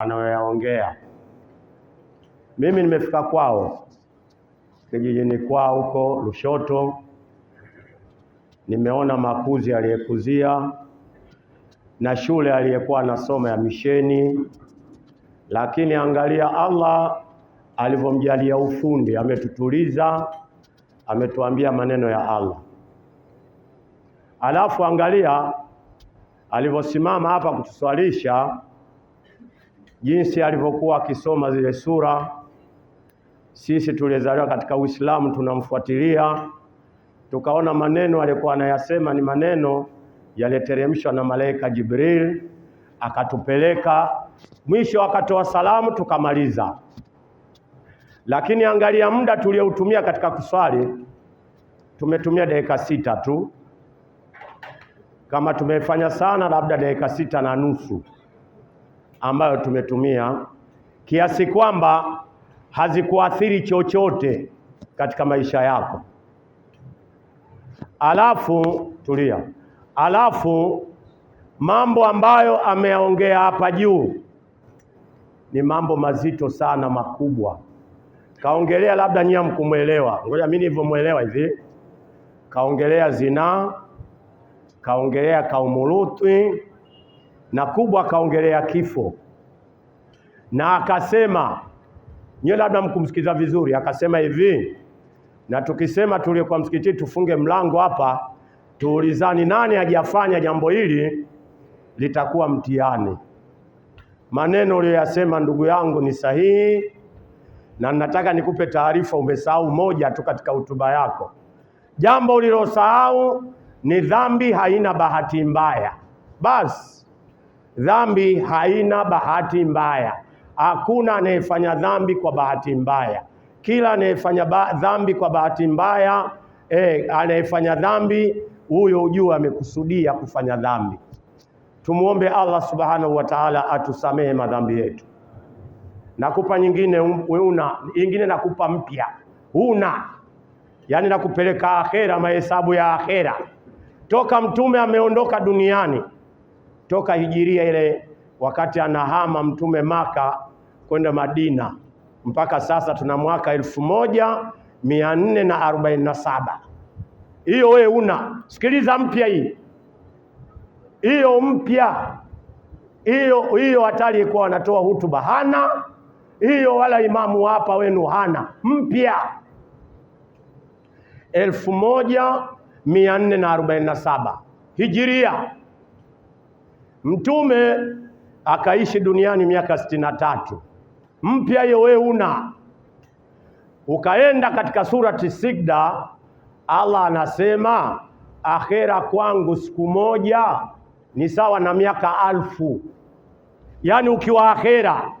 anayoyaongea Mimi nimefika kwao kijijini kwao huko Lushoto, nimeona makuzi aliyekuzia na shule aliyekuwa anasoma ya misheni, lakini angalia Allah alivyomjalia ufundi, ametutuliza, ametuambia maneno ya Allah. Alafu angalia alivyosimama hapa kutuswalisha jinsi alivyokuwa akisoma zile sura. Sisi tulizaliwa katika Uislamu, tunamfuatilia tukaona maneno aliyokuwa anayasema ni maneno yaliteremshwa na malaika Jibril, akatupeleka mwisho, akatoa salamu, tukamaliza. Lakini angalia muda tulioutumia katika kuswali, tumetumia dakika sita tu. Kama tumefanya sana, labda dakika sita na nusu ambayo tumetumia kiasi kwamba hazikuathiri chochote katika maisha yako. Alafu tulia. Alafu mambo ambayo ameyaongea hapa juu ni mambo mazito sana makubwa. Kaongelea labda nyinyi mkumwelewa, ngoja mimi nilivyomwelewa hivi, kaongelea zinaa, kaongelea kaumurutwi na kubwa akaongelea kifo na akasema, nyiwe labda mkumsikiza vizuri, akasema hivi, na tukisema tuliokuwa kwa msikiti tufunge mlango hapa, tuulizani, nani hajafanya jambo hili litakuwa mtihani. Maneno uliyoyasema ndugu yangu ni sahihi, na nataka nikupe taarifa, umesahau moja tu katika hotuba yako. Jambo ulilosahau ni dhambi haina bahati mbaya. Basi Dhambi haina bahati mbaya. Hakuna anayefanya dhambi kwa bahati mbaya. Kila anayefanya dhambi kwa bahati mbaya eh, anayefanya dhambi huyo ujue amekusudia kufanya dhambi. Tumwombe Allah subhanahu wa ta'ala atusamehe madhambi yetu. Nakupa nyingine, um, una nyingine, nakupa mpya, una yaani nakupeleka akhera, mahesabu ya akhera. Toka mtume ameondoka duniani toka hijiria ile wakati anahama mtume Maka kwenda Madina mpaka sasa tuna mwaka elfu moja mia nne na arobaini na saba. Hiyo wewe una sikiliza mpya hii hiyo mpya hiyo hiyo, hata aliyekuwa wanatoa hutuba hana hiyo, wala imamu hapa wenu hana mpya elfu moja mia nne na arobaini na saba hijiria Mtume akaishi duniani miaka sitini na tatu. Mpya hiyo wewe una ukaenda katika surati Sigda, Allah anasema akhera kwangu siku moja ni sawa na miaka alfu. Yaani ukiwa akhera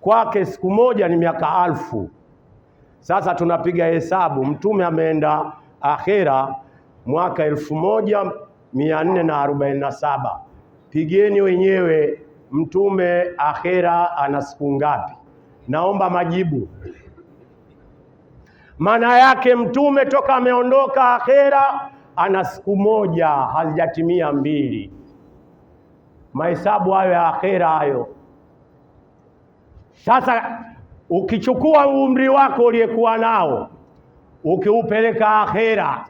kwake siku moja ni miaka alfu. Sasa tunapiga hesabu, mtume ameenda akhera mwaka elfu moja mia nne na arobaini na saba. Pigeni wenyewe, Mtume akhera ana siku ngapi? Naomba majibu. Maana yake Mtume toka ameondoka akhera ana siku moja, hazijatimia mbili. Mahesabu hayo ya akhera hayo. Sasa ukichukua umri wako uliyekuwa nao ukiupeleka akhera,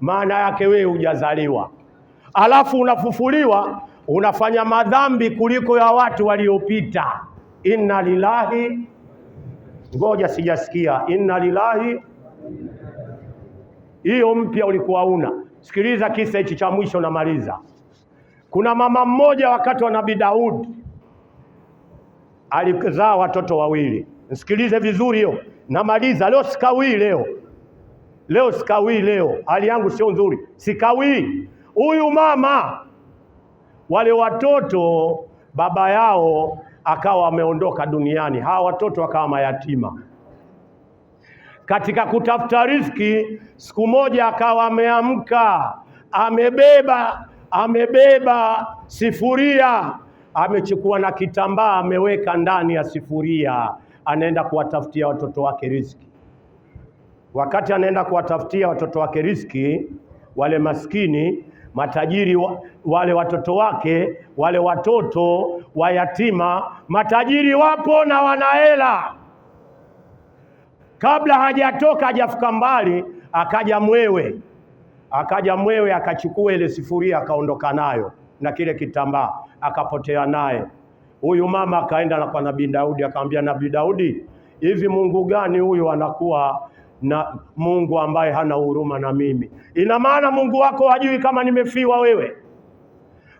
maana yake wewe hujazaliwa, alafu unafufuliwa unafanya madhambi kuliko ya watu waliopita. Inna lillahi, ngoja sijasikia. Inna lillahi, hiyo mpya ulikuwa una. Sikiliza kisa hichi cha mwisho, namaliza. Kuna mama mmoja wakati wa Nabii Daudi alizaa watoto wawili. Msikilize vizuri, hiyo namaliza leo. Sikawii leo, leo sikawii leo, hali yangu sio nzuri, sikawii. Huyu mama wale watoto baba yao akawa ameondoka duniani, hawa watoto wakawa mayatima. Katika kutafuta riziki, siku moja akawa ameamka, amebeba amebeba sifuria, amechukua na kitambaa, ameweka ndani ya sifuria, anaenda kuwatafutia watoto wake riziki. Wakati anaenda kuwatafutia watoto wake riziki, wale maskini matajiri wale watoto wake wale watoto wa yatima Matajiri wapo na wanahela, kabla hajatoka hajafika mbali, akaja mwewe, akaja mwewe akachukua ile sifuria akaondoka nayo na kile kitambaa akapotea naye. Huyu mama akaenda na kwa Nabii Daudi akamwambia, Nabii Daudi, hivi Mungu gani huyu anakuwa na Mungu ambaye hana huruma na mimi. Ina maana Mungu wako hajui kama nimefiwa wewe,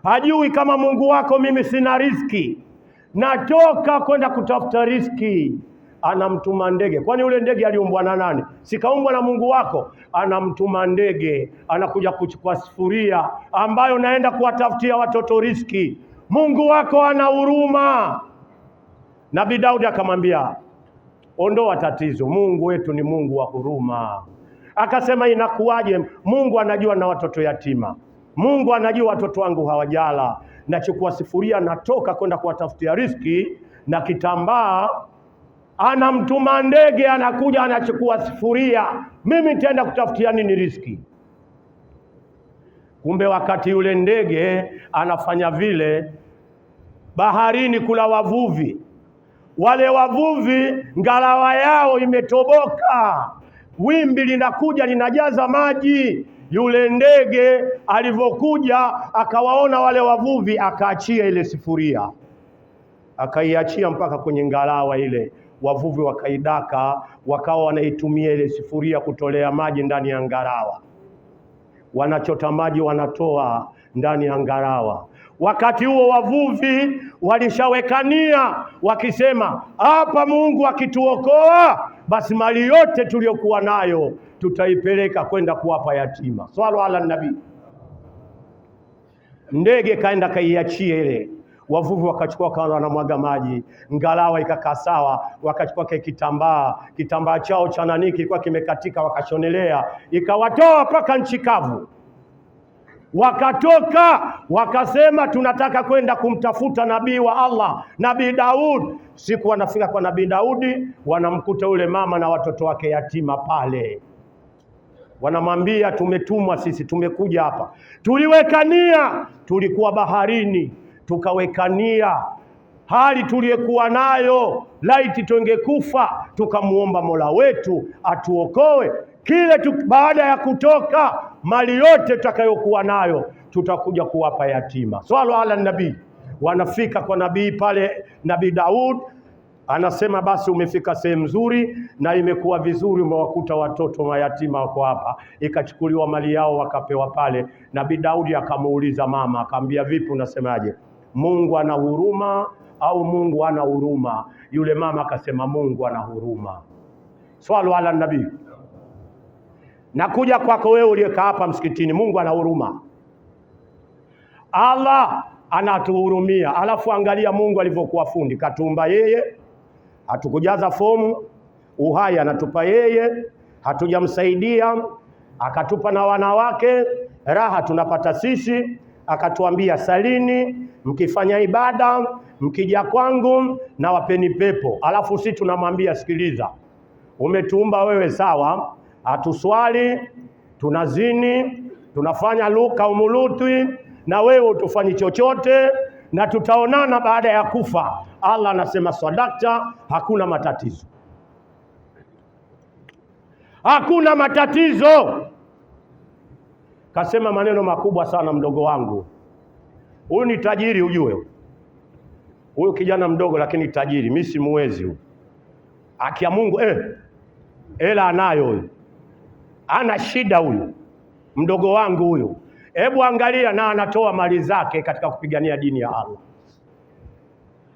hajui kama Mungu wako mimi sina riski, natoka kwenda kutafuta riski anamtuma ndege. Kwani yule ndege aliumbwa na nani? Sikaumbwa na Mungu wako? Anamtuma ndege, anakuja kuchukua sufuria ambayo naenda kuwatafutia watoto riski. Mungu wako ana huruma. Nabii Daudi akamwambia Ondoa tatizo. Mungu wetu ni Mungu wa huruma. Akasema inakuwaje? Mungu anajua na watoto yatima, Mungu anajua watoto wangu hawajala. Nachukua sifuria, natoka kwenda kuwatafutia riski na kitambaa anamtuma ndege, anakuja anachukua sifuria, mimi nitaenda kutafutia nini riski? Kumbe wakati yule ndege anafanya vile, baharini kula wavuvi, wale wavuvi ngalawa yao imetoboka, wimbi linakuja linajaza maji. Yule ndege alivyokuja akawaona wale wavuvi, akaachia ile sifuria, akaiachia mpaka kwenye ngalawa ile. Wavuvi wakaidaka, wakawa wanaitumia ile sifuria kutolea maji ndani ya ngalawa, wanachota maji wanatoa ndani ya ngalawa Wakati huo wavuvi walishawekania wakisema, hapa Mungu akituokoa, basi mali yote tuliyokuwa nayo tutaipeleka kwenda kuwapa yatima. Swalo ala nabii. Ndege kaenda kaiachia ile, wavuvi wakachukua kawa wanamwaga maji, ngalawa ikakaa sawa, wakachukua kile kitambaa, kitambaa chao cha nani kilikuwa kimekatika, wakashonelea, ikawatoa mpaka nchi kavu Wakatoka wakasema, tunataka kwenda kumtafuta nabii wa Allah, nabii Daud. Siku wanafika kwa nabii Daudi, wanamkuta yule mama na watoto wake yatima pale. Wanamwambia, tumetumwa sisi, tumekuja hapa, tuliwekania, tulikuwa baharini tukawekania hali tuliyokuwa nayo, laiti tungekufa, tukamwomba Mola wetu atuokoe, kile tu, baada ya kutoka mali yote tutakayokuwa nayo tutakuja kuwapa yatima. Swala ala nabii, wanafika kwa nabii pale, nabii Daud anasema basi, umefika sehemu nzuri na imekuwa vizuri, umewakuta watoto mayatima wako hapa. Ikachukuliwa mali yao wakapewa pale. Nabii Daudi akamuuliza mama, akamwambia vipi, unasemaje, Mungu ana huruma au Mungu ana huruma? Yule mama akasema Mungu ana huruma. Swala ala nabii Nakuja kwako wewe uliyekaa hapa msikitini. Mungu ana huruma, Allah anatuhurumia. Alafu angalia Mungu alivyokuwa fundi, katuumba yeye, hatukujaza fomu, uhai anatupa yeye, hatujamsaidia akatupa na wanawake, raha tunapata sisi, akatuambia salini, mkifanya ibada, mkija kwangu na wapeni pepo. Alafu si tunamwambia sikiliza, umetuumba wewe sawa hatuswali, tunazini, tunafanya luka umulutwi, na wewe utufanyi chochote, na tutaonana baada ya kufa. Allah anasema sadakta, hakuna matatizo, hakuna matatizo. Kasema maneno makubwa sana mdogo wangu huyu, ni tajiri ujue, huyu kijana mdogo lakini tajiri. Mimi simuwezi huyu, akia Mungu eh, anayo huyu ana shida huyu mdogo wangu huyu, hebu angalia na anatoa mali zake katika kupigania dini ya Allah.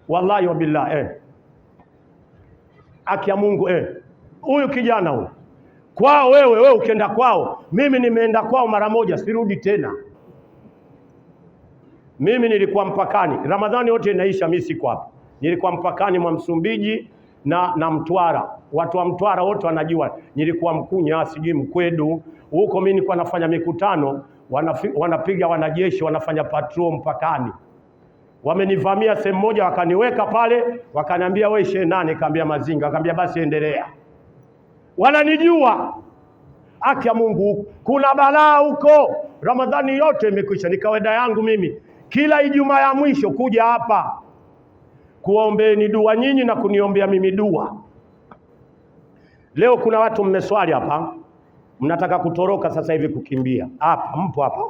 Wallahi wa billahi eh. Aki ya Mungu eh. Huyu kijana huyu kwao, wewe wewe ukienda kwao, mimi nimeenda kwao mara moja, sirudi tena. Mimi nilikuwa mpakani, Ramadhani yote inaisha, mimi siko hapa, nilikuwa mpakani mwa Msumbiji na, na Mtwara Watu wa Mtwara wote wanajua nilikuwa Mkunya, sijui Mkwedu huko, mimi nilikuwa nafanya mikutano, wanapiga wanajeshi, wanafanya patrol mpakani. Wamenivamia sehemu moja, wakaniweka pale, wakaniambia wewe shehe nani? Kaambia Mazinga, akaambia basi endelea. Wananijua aki ya Mungu, kuna balaa huko. Ramadhani yote imekwisha, ni kawaida yangu mimi kila Ijumaa ya mwisho kuja hapa kuombeeni dua nyinyi na kuniombea mimi dua. Leo kuna watu mmeswali hapa, mnataka kutoroka sasa hivi kukimbia hapa, mpo hapa,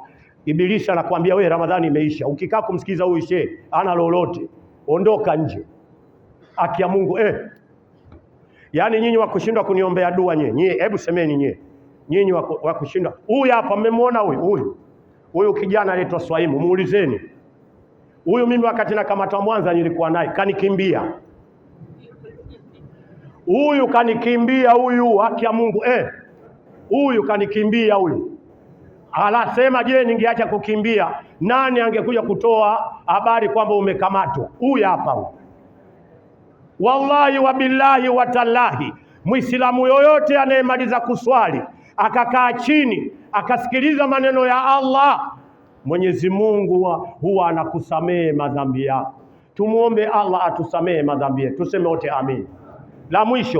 Ibilisi anakuambia wewe, Ramadhani imeisha. Ukikaa kumsikiza huyu shehe ana lolote, ondoka nje. Aki Mungu eh. Yaani nyinyi wakushindwa kuniombea dua nyinyi. Nyinyi hebu semeni nyinyi. Nyinyi wakushindwa. Huyu hapa mmemwona huyu huyu. Huyu kijana anaitwa Swaimu, muulizeni. Huyu mimi wakati kamata Mwanza nilikuwa naye, kanikimbia huyu kanikimbia huyu, haki ya Mungu eh. huyu eh, kanikimbia huyu. Anasema, je, ningeacha kukimbia, nani angekuja kutoa habari kwamba umekamatwa? Huyu hapa huyu. Wallahi wabillahi watallahi, Muislamu yoyote anayemaliza kuswali akakaa chini akasikiliza maneno ya Allah, Mwenyezi Mungu huwa anakusamehe madhambi yako. Tumuombe Allah atusamehe madhambi yetu, tuseme wote amin la mwisho